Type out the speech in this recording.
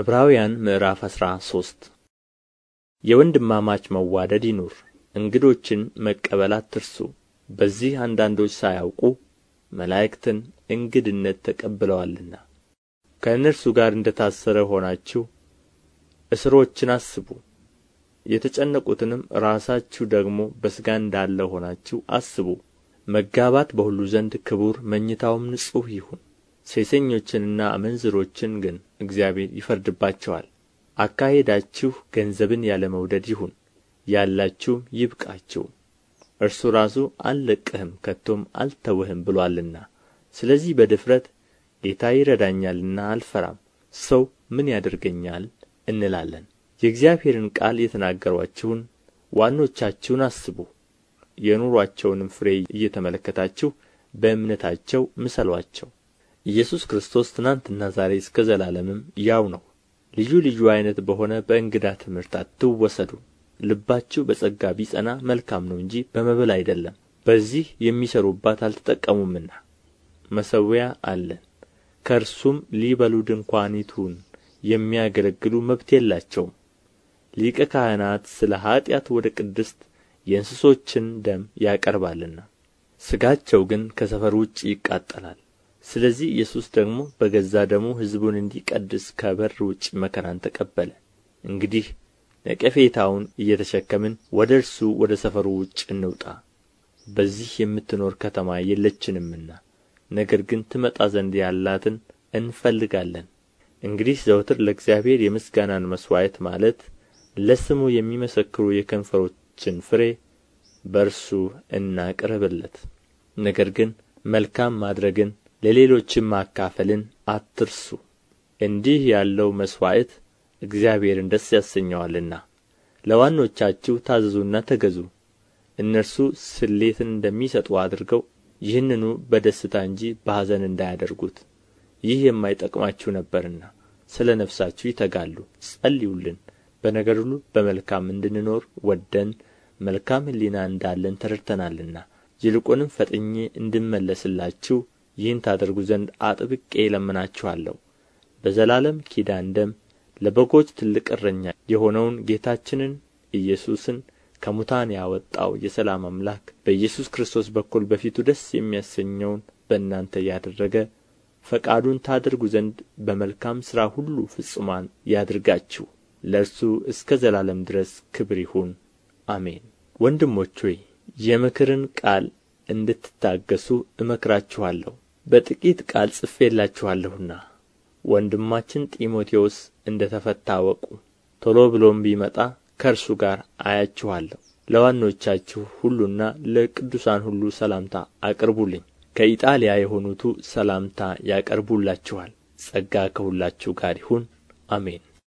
ዕብራውያን ምዕራፍ አስራ ሶስት የወንድማማች መዋደድ ይኑር። እንግዶችን መቀበል አትርሱ። በዚህ አንዳንዶች ሳያውቁ መላእክትን እንግድነት ተቀብለዋልና ከእነርሱ ጋር እንደ ታሰረ ሆናችሁ እስሮችን አስቡ። የተጨነቁትንም ራሳችሁ ደግሞ በሥጋ እንዳለ ሆናችሁ አስቡ። መጋባት በሁሉ ዘንድ ክቡር፣ መኝታውም ንጹሕ ይሁን። ሴሰኞችንና አመንዝሮችን ግን እግዚአብሔር ይፈርድባቸዋል አካሄዳችሁ ገንዘብን ያለ መውደድ ይሁን ያላችሁም ይብቃችሁ እርሱ ራሱ አልለቅህም ከቶም አልተውህም ብሎአልና ስለዚህ በድፍረት ጌታ ይረዳኛልና አልፈራም ሰው ምን ያደርገኛል እንላለን የእግዚአብሔርን ቃል የተናገሯችሁን ዋኖቻችሁን አስቡ የኑሯቸውንም ፍሬ እየተመለከታችሁ በእምነታቸው ምሰሏቸው ኢየሱስ ክርስቶስ ትናንትና ዛሬ እስከ ዘላለምም ያው ነው ልዩ ልዩ አይነት በሆነ በእንግዳ ትምህርት አትወሰዱ ልባችሁ በጸጋ ቢጸና መልካም ነው እንጂ በመብል አይደለም በዚህ የሚሰሩባት አልተጠቀሙምና መሠዊያ አለን ከእርሱም ሊበሉ ድንኳኒቱን የሚያገለግሉ መብት የላቸውም ሊቀ ካህናት ስለ ኀጢአት ወደ ቅድስት የእንስሶችን ደም ያቀርባልና ሥጋቸው ግን ከሰፈር ውጭ ይቃጠላል ስለዚህ ኢየሱስ ደግሞ በገዛ ደሙ ሕዝቡን እንዲቀድስ ከበር ውጭ መከራን ተቀበለ እንግዲህ ነቀፌታውን እየተሸከምን ወደ እርሱ ወደ ሰፈሩ ውጭ እንውጣ በዚህ የምትኖር ከተማ የለችንምና ነገር ግን ትመጣ ዘንድ ያላትን እንፈልጋለን እንግዲህ ዘወትር ለእግዚአብሔር የምስጋናን መሥዋዕት ማለት ለስሙ የሚመሰክሩ የከንፈሮችን ፍሬ በእርሱ እናቅርብለት ነገር ግን መልካም ማድረግን ለሌሎችም ማካፈልን አትርሱ እንዲህ ያለው መሥዋዕት እግዚአብሔርን ደስ ያሰኘዋልና ለዋኖቻችሁ ታዘዙና ተገዙ እነርሱ ስሌትን እንደሚሰጡ አድርገው ይህንኑ በደስታ እንጂ በሐዘን እንዳያደርጉት ይህ የማይጠቅማችሁ ነበርና ስለ ነፍሳችሁ ይተጋሉ ጸልዩልን በነገር ሁሉ በመልካም እንድንኖር ወደን መልካም ሕሊና እንዳለን ተረድተናልና ይልቁንም ፈጥኜ እንድመለስላችሁ ይህን ታደርጉ ዘንድ አጥብቄ እለምናችኋለሁ በዘላለም ኪዳን ደም ለበጎች ትልቅ እረኛ የሆነውን ጌታችንን ኢየሱስን ከሙታን ያወጣው የሰላም አምላክ በኢየሱስ ክርስቶስ በኩል በፊቱ ደስ የሚያሰኘውን በእናንተ ያደረገ ፈቃዱን ታደርጉ ዘንድ በመልካም ሥራ ሁሉ ፍጹማን ያድርጋችሁ። ለእርሱ እስከ ዘላለም ድረስ ክብር ይሁን፣ አሜን። ወንድሞች ሆይ የምክርን ቃል እንድትታገሱ እመክራችኋለሁ። በጥቂት ቃል ጽፌላችኋለሁና ወንድማችን ጢሞቴዎስ እንደ ተፈታ ቶሎ ብሎም ቢመጣ ከእርሱ ጋር አያችኋለሁ ለዋኖቻችሁ ሁሉና ለቅዱሳን ሁሉ ሰላምታ አቅርቡልኝ ከኢጣሊያ የሆኑቱ ሰላምታ ያቀርቡላችኋል ጸጋ ከሁላችሁ ጋር ይሁን አሜን